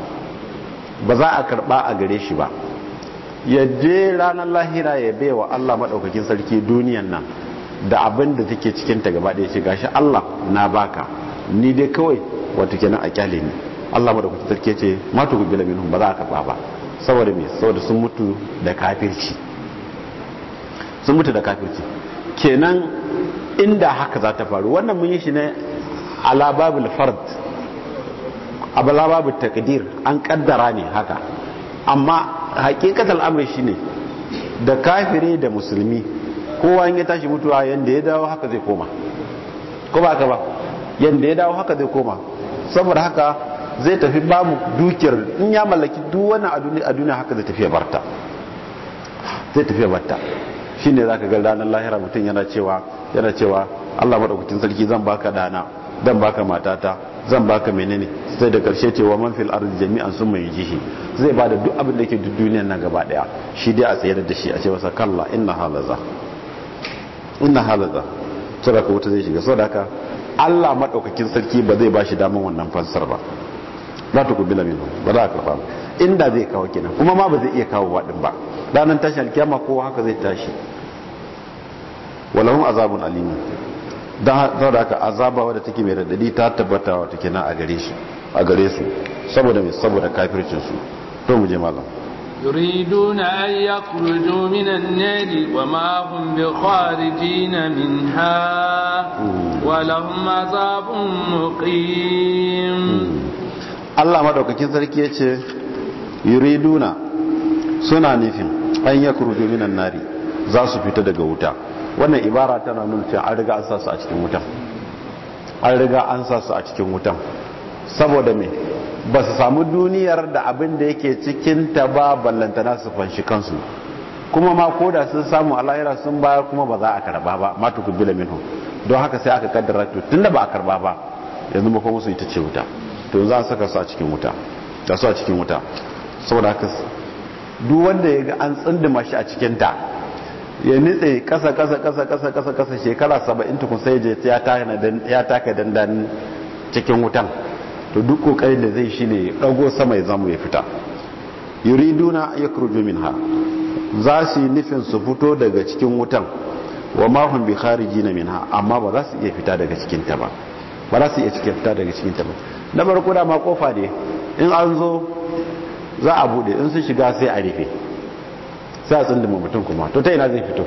ba za a karba a gare shi ba ya je ranar lahira ya bai wa Allah maɗaukakin sarki duniyan nan da abin da take cikin ta gaba ɗaya ce gashi Allah na baka ni dai kawai wato kenan a kyale ni Allah madaukakin sarki ce matu ku bila minu ba za a karba ba saboda me saboda sun mutu da kafirci sun mutu da kafirci kenan inda haka za ta faru wannan mun yi shi ne a babul fard a babu takdir an kaddara ne haka amma hakikatar shi ne da kafiri da musulmi kowa ya tashi mutuwa yadda ya dawo haka zai koma ko ba ka ba yadda ya dawo haka zai koma saboda haka zai tafi babu dukiyar in ya mallaki duk wani a duniya haka zai tafi ya barta zai tafi ya barta shine ka ga ranar lahira mutum yana cewa yana cewa Allah madaukakin sarki zan baka dana zan baka matata zan baka menene sai da karshe cewa man fil ardi jami'an mai jihi zai bada duk abin da yake duk duniyar nan gaba daya shi dai a tsayar da shi a ce masa kalla inna halaza inna halaza saboda ka wuta zai shiga saboda haka Allah madaukakin sarki ba zai bashi daman wannan fansar ba la kubila min ba za ka fara inda zai kawo kenan kuma ma ba zai iya kawo wadin ba ranar tashi alkiyama kowa haka zai tashi walahum azabun alim dan da haka azaba wadda take mai radadi ta tabbata wa take na a gare su saboda mai saboda kafircin su to mu je malam يريدون أن يخرجوا من النار وما هم بخارجين منها ولهم عذاب مقيم الله ما دوك كين سركي ce, يريدون suna nufin an ya kurju minan nari za su fita daga wuta wannan ibara tana nuna cewa an riga an sa su a cikin wutan an riga an sa su a cikin wutan saboda me ba su samu duniyar da abin da yake cikin ta ba na su fanshi kansu kuma ma ko da sun samu alayira sun bayar kuma ba za a karba ba ma tukubila minhu don haka sai aka kaddara to tunda ba a karba ba yanzu ba musu ita ce wuta to za a saka su a cikin wuta da su a cikin wuta saboda haka duk wanda ya ga an tsindima shi a cikin ta ya nitse kasa kasa kasa kasa kasa kasa shekara saba'in tukun sai je ya taka dandan cikin wutan to duk kokarin da zai shine dago sama ya zamu ya fita yuriduna yakhruju minha za su yi nufin su fito daga cikin wutan wa ma hum bi kharijina minha amma ba za su iya fita daga cikin ta ba ba za su iya cikin fita daga cikin ta ba na farko da ma kofa ne in an zo za a bude in sun shiga sai a rufe sai a tsunduma mutum kuma to ta ina zai fito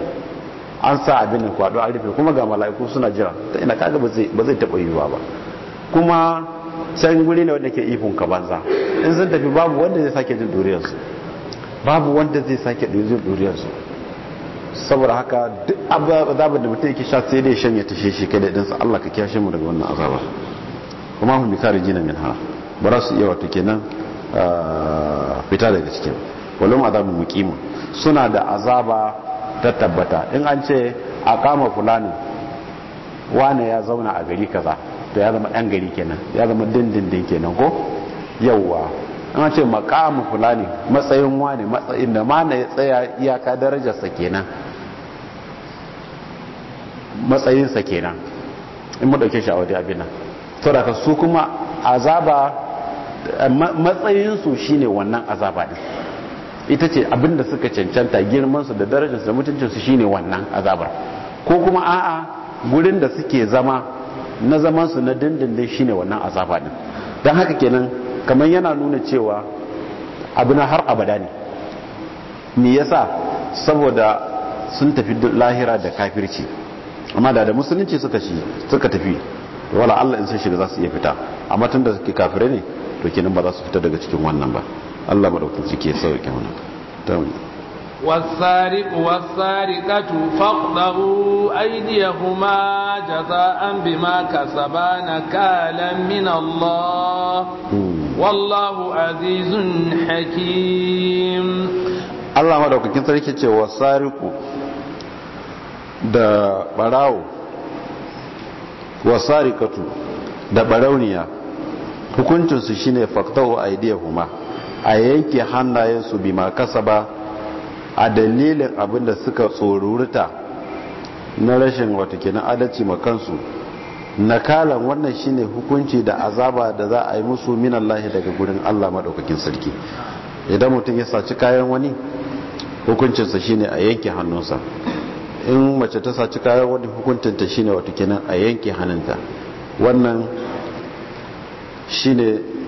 an sa abin da kwado an rufe kuma ga mala'iku suna jira ta ina kaga ba zai taɓa yiwuwa ba kuma sai guri ne wanda ke ifin ka banza in sun tafi babu wanda zai sake jin duriyarsu babu wanda zai sake jin duriyarsu saboda haka duk azabar da mutum yake sha sai dai ya ta shi kai da idansa Allah ka kiyashe mu daga wannan azabar kuma hun bikari jina min ha ba za su iya wata kenan ah, fita daga cikin walum azabun muqimin suna da azaba ta tabbata in an ce a kama fulani wane ya zauna a gari kaza to ya zama ɗan gari kenan ya zama dindindin kenan ko yauwa an ce makamu fulani matsayin wane matsayin da mana ya tsaya iyaka darajarsa kenan matsayinsa kenan in mu ɗauke shi a wajen abin nan to da su kuma azaba matsayinsu shine wannan azaba ne. ita ce abinda suka cancanta girmansu da darajarsu da mutuncinsu shine wannan azabar ko kuma a'a gurin da suke zama na zamansu na dindindin shine wannan azaba din don haka kenan kamar yana nuna cewa abu na har abada ne me yasa saboda sun tafi lahira da kafirci amma da da musulunci suka shi suka tafi wala Allah in sun shiga za su iya fita amma tun da suke kafire ne to kenan ba za su fita daga cikin wannan ba Allah madaukin cike sauƙin wani ta wani wasari ƙatu faɗaɗu aidiya kuma jaza an bi maka saba na kalamin Allah wallahu azizun hakim Allah madaukakin sarki ce wasari da ɓarawo wasari ƙatu da ɓarauniya hukuncinsu shi ne faɗaɗu aidiya a yanke hannayensu bi ma kasa ba a dalilin abin da suka tsoruruta na rashin watakilin adalci makansu kalan wannan shine hukunci da azaba da za a yi musu minallahi daga gurin allah maɗaukakin sarki idan mutum ya saci kayan wani hukuncinsa shine a yanke hannunsa in mace ta saci kayan wani hukuncinta shine watakilin a yanke hannunta wannan shine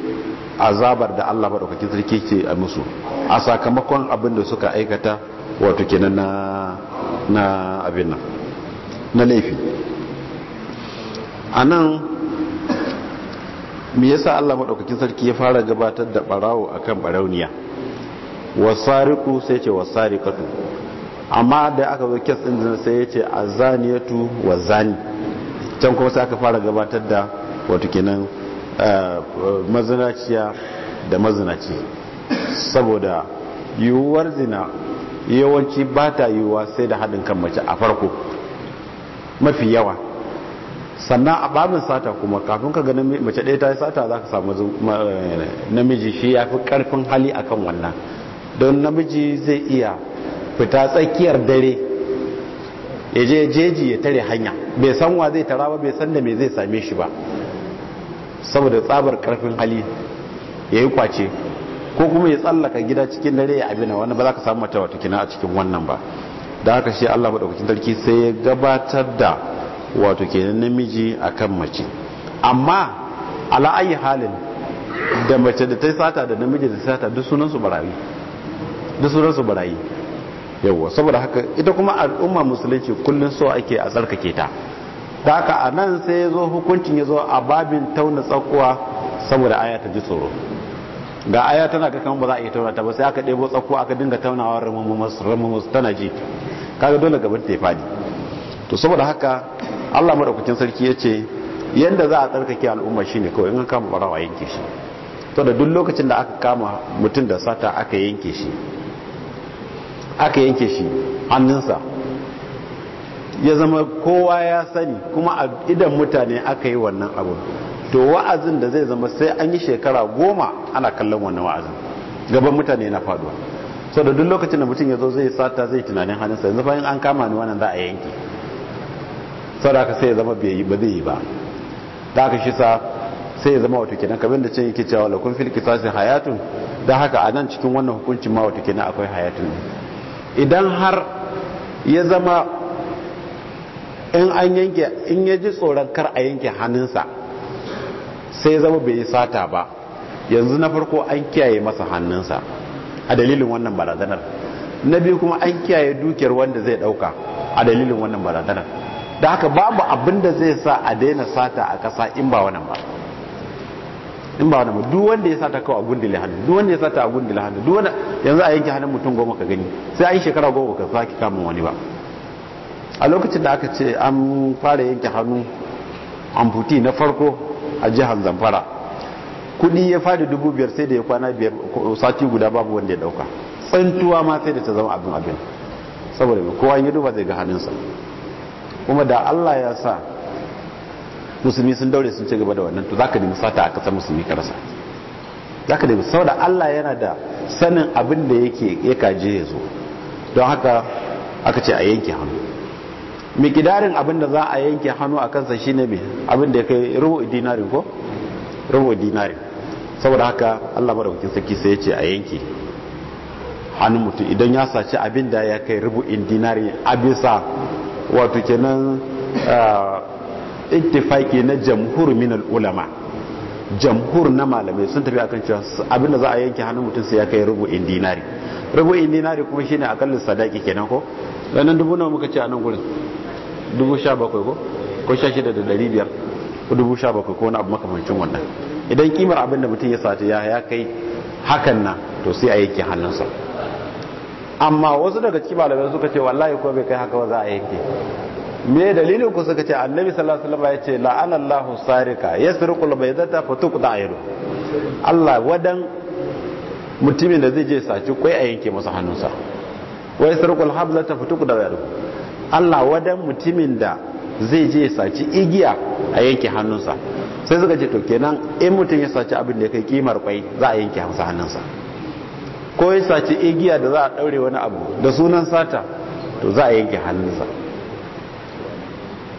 azabar da Allah maɗaukakin sarki ce a musu a sakamakon abin da suka aikata wato kenan na abin nan na laifi A nan me yasa Allah maɗaukakin sarki ya fara gabatar da barawo akan barauniya wasariku sai ce wasarikatu amma da aka zo kes ɗin zina sai ya ce wa zani can kuma sai aka fara gabatar da wato kenan mazinaciya da mazinaci saboda yiwuwar zina yawanci ba ta yiwuwa sai da haɗin kan mace a farko mafi yawa sannan a babin sata kuma kafin ka gani mace ɗaya ta yi sata za ka samu namiji shi ya fi ƙarfin hali akan wannan don namiji zai iya fita tsakiyar dare ya je jeji ya tare hanya bai san wa zai tara ba bai san da me zai same shi ba saboda tsabar karfin hali ya yi kwace ko kuma ya tsallaka gida cikin dare ya abina wanda ba za ka samu mata wata kina a cikin wannan ba da haka shi Allah madaukakin sarki sai ya gabatar da wato kenan namiji akan mace amma ala halin da mace da ta yi sata da namiji da sata duk sunansu barayi duk sunansu barayi yawa saboda haka ita kuma al'umma musulunci kullum so ake a tsarkake ta da aka a nan sai ya zo hukuncin ya zo a babin tauna tsakuwa saboda aya ta ji tsoro ga aya tana ga kama ba za a iya tauna ta ba sai aka ɗebo tsakuwa aka dinga taunawa ramamus tana ji kaga dole gabar ta fadi to saboda haka Allah maɗaukacin sarki ya ce yadda za a tsarkake al'umma shine kawai in an kama barawa yanke shi to duk lokacin da aka kama mutum da sata aka yanke shi aka yanke shi hannunsa ya zama kowa ya sani kuma a idan mutane aka yi wannan abu to wa'azin da zai zama sai an yi shekara goma ana kallon wannan wa'azin gaban mutane na faduwa sau da duk lokacin da mutum ya zo zai sata zai tunanin hannunsa yanzu bayan an kama ni wannan za a yanki sau da aka sai ya zama bai ba zai yi ba da aka shi sa sai ya zama wato kenan kamar da cin yake cewa lakun fil kisasi hayatun da haka a nan cikin wannan hukuncin ma wato kenan akwai hayatun idan har ya zama in an yanke in ya ji tsoron kar a yanke hannunsa sai zama bai yi sata ba yanzu na farko an kiyaye masa hannunsa a dalilin wannan barazanar na biyu kuma an kiyaye dukiyar wanda zai dauka a dalilin wannan barazanar da haka babu abin da zai sa a daina sata a ƙasa in ba wannan ba in ba wannan ba duk wanda ya sata kawai a gundule hannu duk wanda ya sata a gundule hannu duk wanda yanzu a yanke hannun mutum goma ka gani sai an shekara goma ka sake kama wani ba a lokacin da aka ce an fara yanke hannu amputi na farko a jihar zamfara kudi ya fadi dubu biyar sai da ya kwana biyar sati guda babu wanda ya dauka tsantuwa ma sai da ta zama abin abin saboda kowa ya duba zai ga hannunsa kuma da allah ya sa musulmi sun daure sun ci gaba da wannan to za ka nemi sata a kasar musulmi ka rasa za ka nemi saboda allah yana da sanin abin da yake ya kaje ya zo don haka aka ce a yanke hannu mikidarin abin da za a yanke hannu a kansa shine ne abin da ya kai rubu dinari ko rubu dinari saboda haka Allah maraukin sarki sai ya ce a yanke hannun mutum idan ya sace abin da ya kai rubu dinari a bisa wato kenan intifaki na jamhur minal ulama jamhur na malamai sun tafi akan cewa abinda za a yanke hannun mutum sai ya kai rubu'in dinari rubu'in dinari kuma shine akalla sadaki kenan ko ranan dubu nawa muka ce a nan gurin dubu sha bakwai ko ko sha shida da dari biyar ko dubu sha bakwai ko wani abu makamancin wannan idan kimar abin da mutum ya sata ya ya kai hakan na to sai a yanke hannunsa amma wasu daga cikin malamai suka ce wallahi ko bai kai haka ba za a yanke me dalilin ku suka ce annabi sallallahu alaihi wasallam ya ce la'ana Allahu sarika yasriqu al-baydata fa tuqta ayru Allah wadan mutumin da zai je saci koi a yanke masa hannunsa wa yasriqu al-hablata fa tuqta ayru Allah wadan mutumin da zai je saci igiya a yanke hannunsa sai suka ce to kenan in mutum ya saci abin da ya kai kimar kwai za a yanke hannunsa ko ya saci igiya da za a daure wani abu da sunan sata to za a yanke hannunsa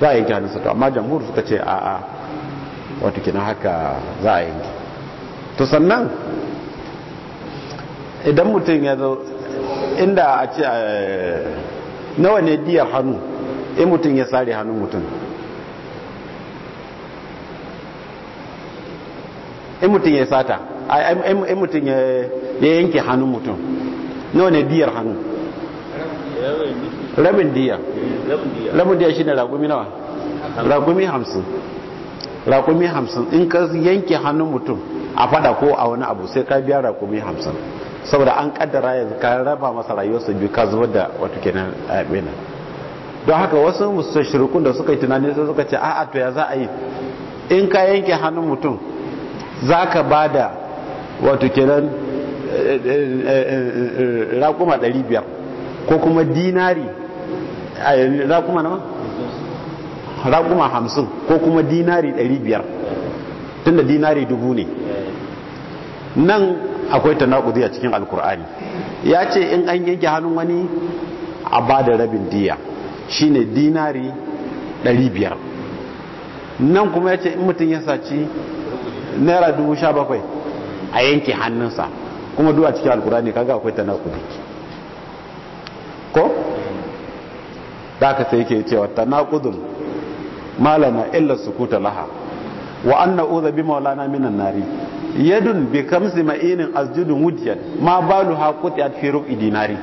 za a yanke hannunsa to amma jamhur suka ce a a wato kenan haka za a yanke to sannan idan mutum ya zo inda a ce eh, nawa ne diyar hannu in mutum ya sare hannun mutum in mutum ya sata in mutum ya yanke hannun mutum nawa ne diyar hannu rabin diya rabin diya shi ne ragumi nawa ragumi hamsin ragumi hamsin in ka yanke hannun mutum a fada ko a wani abu sai ka biya ragumi hamsin saboda an kaddara ya ka raba masa rayuwarsa biyu ka zubar da wato kenan eh, abin don haka wasu musashirikun da suka yi tunani sai suka ce a'a to ya za a yi in ka yanke hannun mutum za ka ba da wato kenan eh, eh, raƙuma 500 ko kuma dinari raƙuma na raƙuma 50 ko kuma dinari 500 tun da dinari dubu ne nan akwai tanakudi a cikin alkur'ani ya ce in an yanke hannun wani a ba da rabin diya shine dinari 500 nan kuma ya ce in mutum ya saci naira 17,000 a yanke hannunsa kuma duwa a cikin alkur'ani kaga akwai tanakudi ko? da aka sai ke cewa tanakudun malana illa kuta laha wa an bi maulana minan nari yadun bi kamsi ma'inin asjudun wudiyan ma balu ha qutiyat fi rub'i dinari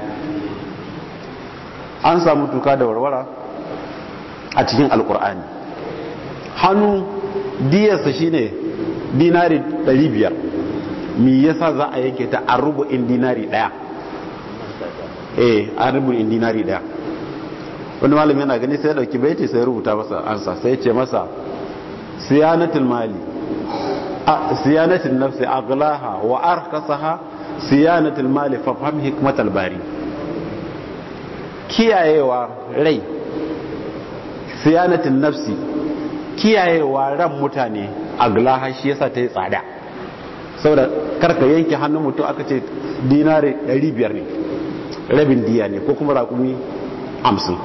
an samu tuka da warwara a cikin alkur'ani hannu diyarsa shine dinari 500 me yasa za a yanke ta a rubu'in dinari daya eh a rubu'in dinari daya wani malami yana gani sai ya dauki baiti sai rubuta masa ansa sai ce masa siyanatul mali siyanatin nafsi aghlaha wa arkasaha siyanatul mali fa fahim hikmatal bari kiyayewa rai siyanatin nafsi kiyayewa ran mutane aglaha shi yasa ta yi tsada saboda karka yanke hannun mutum aka ce dinari 500 ne rabin diya ne ko kuma rakumi 50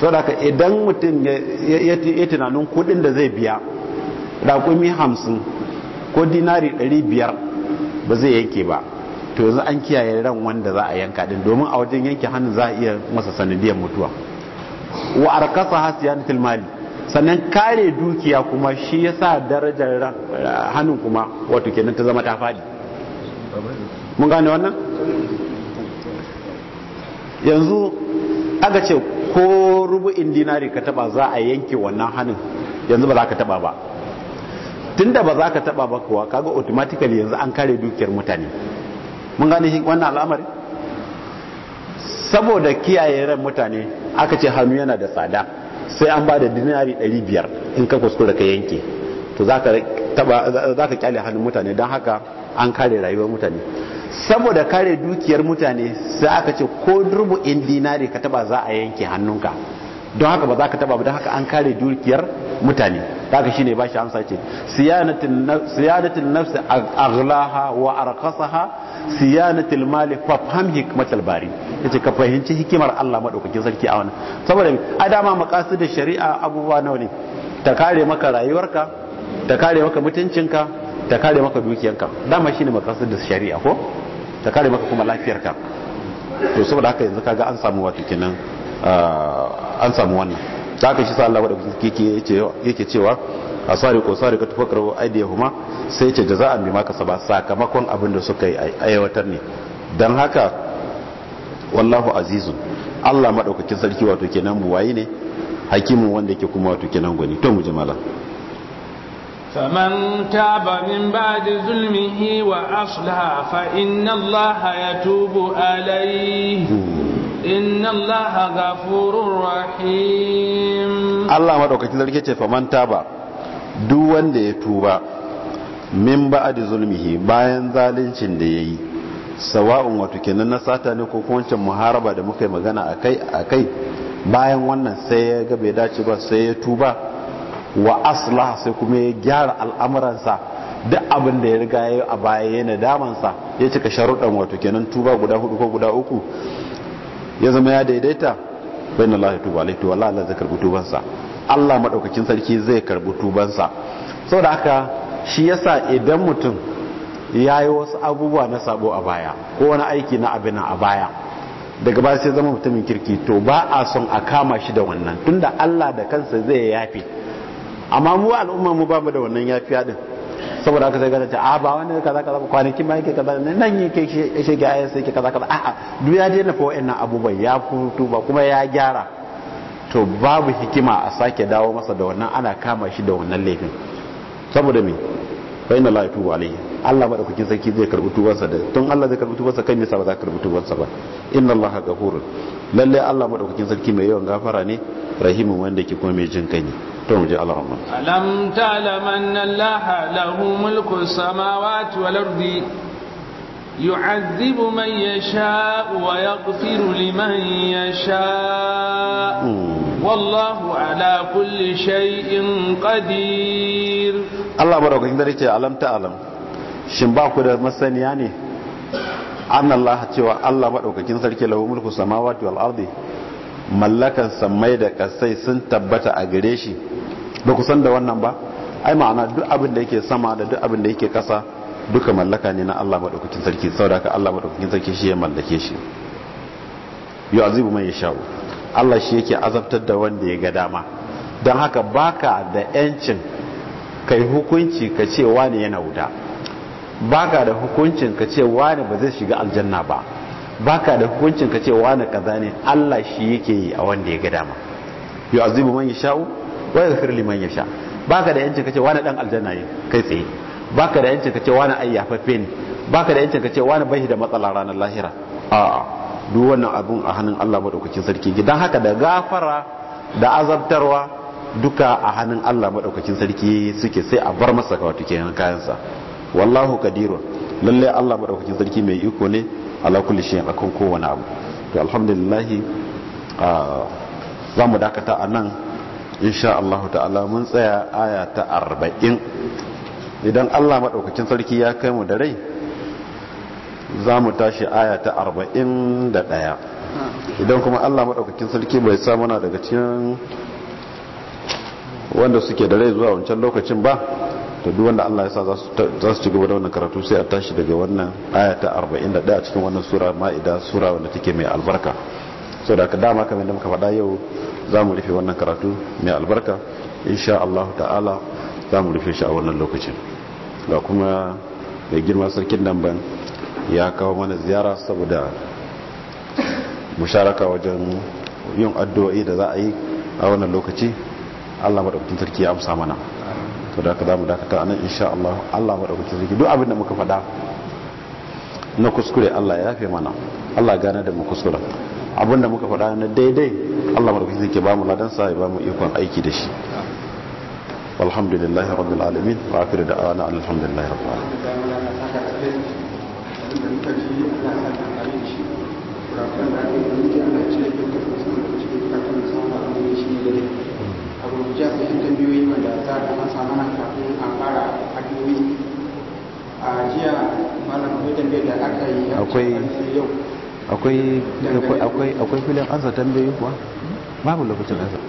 saboda ka idan mutum ya tunanin kudin da zai biya raƙumi hamsin ko dinari ɗari biyar ba zai yanke ba to yanzu an kiyaye ran wanda za a yanka din domin a wajen yanke hannun za a iya masa sanadiyar mutuwa wa arkasa hasiyanatul mali sannan kare dukiya kuma shi ya sa darajar hannun kuma wato kenan ta zama ta fadi mun gane wannan yanzu aka ce ko rubu'in dinari ka taba za a yanke wannan hannun yanzu ba za ka taba ba tunda ba za ka taba ba kuwa kaga automatically yanzu an kare dukiyar mutane mun gane wannan al'amari saboda kiyaye ran mutane aka ce hannu yana da tsada sai an ba da dinari 500 in ka kuskura ka yanke to za ka kyale hannun mutane don haka an kare rayuwar mutane saboda kare dukiyar mutane sai aka ce ko durbu in dinari ka taba za a yanke hannunka don haka ba za ka taba don haka an kare dukiyar mutane haka shine ba shi amsa ce siyadatin nafsi aghlaha wa arqasaha siyadatil mali fafham hikmatal bari yace ka fahimci hikimar Allah madaukakin sarki a wannan saboda a dama makasu da shari'a abubuwa nawa ne ta kare maka rayuwarka ta kare maka mutuncinka ta kare maka dukiyanka dama shine makasu da shari'a ko ta kare maka kuma lafiyarka to saboda haka yanzu kaga an samu wato kenan Ah, an samu wannan da aka shi sa wadda yake cewa a tsari ko tsari ka tufa karbo ya huma sai ce da za a bi maka saba sakamakon abin da suka yi a aiwatar ne don haka wallahu azizu Allah maɗaukakin sarki wato kenan buwayi ne hakimin wanda yake kuma wato kenan gwani to mu jimala فمن تاب من بعد ظلمه وأصلح فإن الله يتوب عليه إن الله غفور رحيم الله ما دوكتين ذلك فمن تابا دوان دي توبا min ba da zulmihi bayan zaluncin da ya yi sawa'un wato na sata ne ko wancan muharaba da muka yi magana akai akai bayan wannan sai ya ga bai dace ba sai ya tuba wa aslah sai kuma ya gyara al'amuransa duk abinda ya riga ya yi a baya ya nadamansa ya cika sharuɗan wato kenan tuba guda hudu ko guda uku ya zama ya daidaita bayan Allah ya tuba alaihi wa Allah zai karbi tubansa Allah maɗaukacin sarki zai karbi tubansa saboda haka shi yasa idan mutum ya yi wasu abubuwa na sabo a baya ko wani aiki na abin a baya daga baya sai zama mutumin kirki to ba a son a kama shi da wannan tunda Allah da kansa zai yafi amma mu al'umma mu ba mu da wannan yafiya din saboda haka sai ka ce a ba wani kaza kaza kwanaki ma yake kaza ne nan yake shi ga ayyansa yake kaza kaza a'a duk ya dena fa wa'annan abubuwan ya fito ba kuma ya gyara to babu hikima a sake dawo masa da wannan ana kama shi da wannan laifin saboda me fa inna la yatubu alayhi Allah da kuke sarki zai karbi tubansa da tun Allah zai karbi tubansa kai me yasa ba za ka karbi tubansa ba inna Allah ghafurun lalle Allah da kuke sarki mai yawan gafara ne rahimu wanda ke kuma mai jin kai ne to mu je alhamma alam ta'laman allaha lahu mulku samawati wal ardi يعذب من يشاء ويغفر لمن يشاء والله على كل شيء قدير الله بارك فيك دريتي علم تعلم shin ba ku da masaniya ne an cewa Allah madaukakin sarki lahu mulku samawati wal ardi mallakan samai da kasai sun tabbata a gare shi ba ku san da wannan ba ai ma'ana duk abin da yake sama da duk abin da yake kasa duka mallaka ne na Allah madaukakin sarki saboda haka Allah madaukakin sarki shi ya mallake shi azibu mai yasha'u Allah shi yake azabtar da wanda ya ga dama don haka baka da yancin kai hukunci ka ce wani yana wuta baka da hukuncin ka ce wani ba zai shiga aljanna ba baka da hukuncin ka ce wani kaza ne Allah shi yake yi a wanda ya ga dama azibu man yasha'u wa ya liman yasha baka da yancin ka ce wani dan aljanna ne kai tsaye baka da yancin ka ce wani ayyafaffe ne baka da yancin ka ce wani bai da matsala ranar lahira a'a duk wannan abun a hannun Allah madaukakin sarki gidan haka da gafara da azabtarwa duka a hannun Allah madaukakin sarki suke sai a bar masa kawai kenan kayansa wallahu kadirun lalle Allah madaukakin sarki mai iko ne ala a kan kowane abu to alhamdulillah ah, za mu dakata a nan insha Allah ta'ala mun tsaya aya ta arba'in idan Allah maɗaukacin sarki ya kai mu da rai za mu tashi aya ta arba'in da ɗaya idan kuma Allah maɗaukacin sarki bai sa mana daga cikin wanda suke da rai zuwa wancan lokacin ba to duk wanda Allah ya sa za su ci gaba da wannan karatu sai a tashi daga wannan aya ta 41 a cikin wannan sura ma'ida sura wanda take mai albarka so da dama kamar da muka faɗa yau za mu rufe wannan karatu mai albarka insha Allah ta'ala za mu rufe shi a wannan lokacin ga kuma mai girma sarkin nan ya kawo mana ziyara saboda musharaka wajen yin addu'o'i da za a yi a wannan lokaci Allah madaukakin sarki ya amsa mana to da ka za mu dakata a nan insha Allah Allah da maɗaukacin ziki duk abin da muka faɗa na kuskure Allah ya yafe mana Allah gane da mu kuskura abin da muka faɗa na daidai Allah da maɗaukacin ziki ba mu sa ya ba mu ikon aiki da shi alhamdulillah rabbil alamin wa akhiru da alhamdulillah rabbil alamin tambayoyi wanda za a mana kafin a fara akwai filin ansa tambayoyi kuwa hmm? babu lokacin ansa